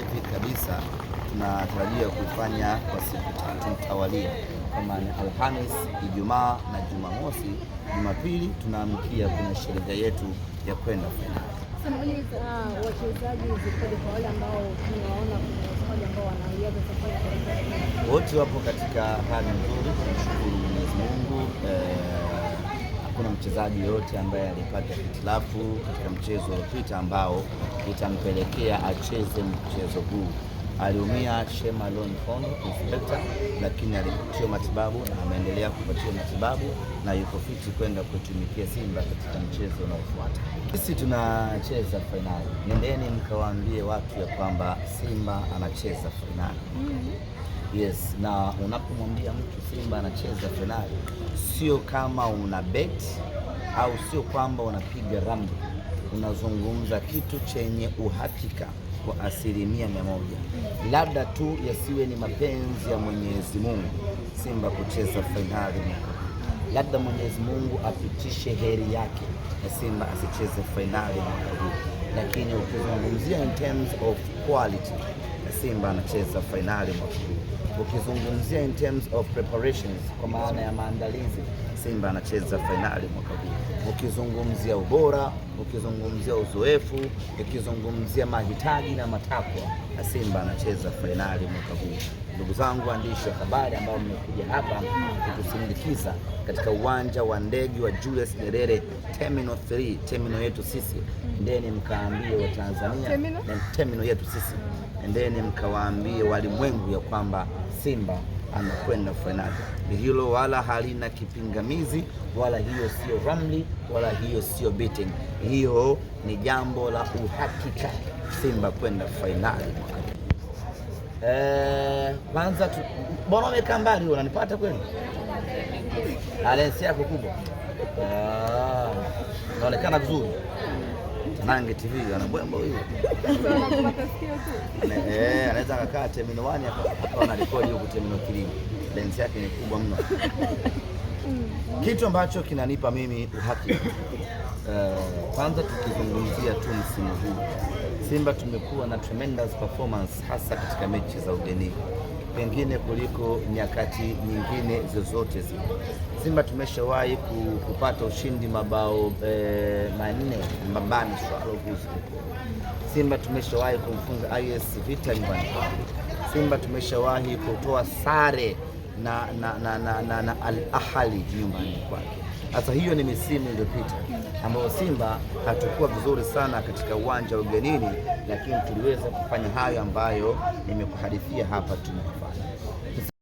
hivi kabisa tunatarajia kufanya kwa siku tatu mtawalia, kama ni Alhamis, Ijumaa na Jumamosi. Jumapili tunaamkia kuna sherehe yetu ya kwenda fainali. Uh, Wote wapo katika hali nzuri, tunashukuru Mwenyezi Mungu eh, hakuna mchezaji yoyote ambaye alipata hitilafu katika mchezo uliopita ambao itampelekea acheze mchezo huu. Aliumia Shema Lon Fondo inspekta, lakini alipatiwa matibabu na ameendelea kupatiwa matibabu na yuko fiti kwenda kutumikia Simba katika mchezo unaofuata. Sisi tunacheza fainali, nendeni mkawaambie watu ya kwamba Simba anacheza fainali. mm -hmm. Yes, na unapomwambia mtu Simba anacheza fainali, sio kama una bet au sio kwamba unapiga rambo, unazungumza kitu chenye uhakika kwa asilimia mia moja. Labda tu yasiwe ni mapenzi ya Mwenyezi Mungu Simba kucheza fainali mwaka labda Mwenyezi Mungu apitishe heri yake na Simba asicheze fainali mwaka huu, lakini ukizungumzia in terms of quality Simba anacheza fainali mwaka huu. Ukizungumzia in terms of preparations, kwa maana ya maandalizi Simba anacheza fainali mwaka huu. Ukizungumzia ubora, ukizungumzia uzoefu, ukizungumzia mahitaji na matakwa, na Simba anacheza fainali mwaka huu. Ndugu zangu waandishi wa habari ambao mmekuja hapa kutusindikiza katika uwanja wa ndege wa Julius Nyerere Terminal 3, terminal yetu sisi, endeni mkaambie Watanzania na terminal yetu sisi, endeni mkawaambie walimwengu ya kwamba Simba anakwenda fainali. Hilo wala halina kipingamizi, wala hiyo sio ramli, wala hiyo sio betting. Hiyo ni jambo la uhakika, Simba kwenda fainali. Eh, kwanza e, mbona umekaa mbali? Unanipata kweli? alensi yako kubwa, ah, naonekana vizuri. Nange TV anabwemba huyu, eh, anaweza akakaa Terminal 1 hapa record huko Terminal kilimo. Lens yake ni kubwa mno. Mm. Kitu ambacho kinanipa mimi uhakika eh, kwanza, uh, tukizungumzia tu msimu huu Simba tumekuwa na tremendous performance hasa katika mechi za ugenini pengine kuliko nyakati nyingine zozote zile. Simba tumeshawahi kupata ushindi mabao e, manne mabani swaroguzi. Simba tumeshawahi kumfunga IS Vita nyumbani Simba tumeshawahi kutoa sare na, na, na, na, na, na Al Ahli nyumbani kwake. Sasa hiyo ni misimu iliyopita ambayo Simba hatukuwa vizuri sana katika uwanja wa ugenini, lakini tuliweza kufanya hayo ambayo nimekuhadithia hapa tumefanya.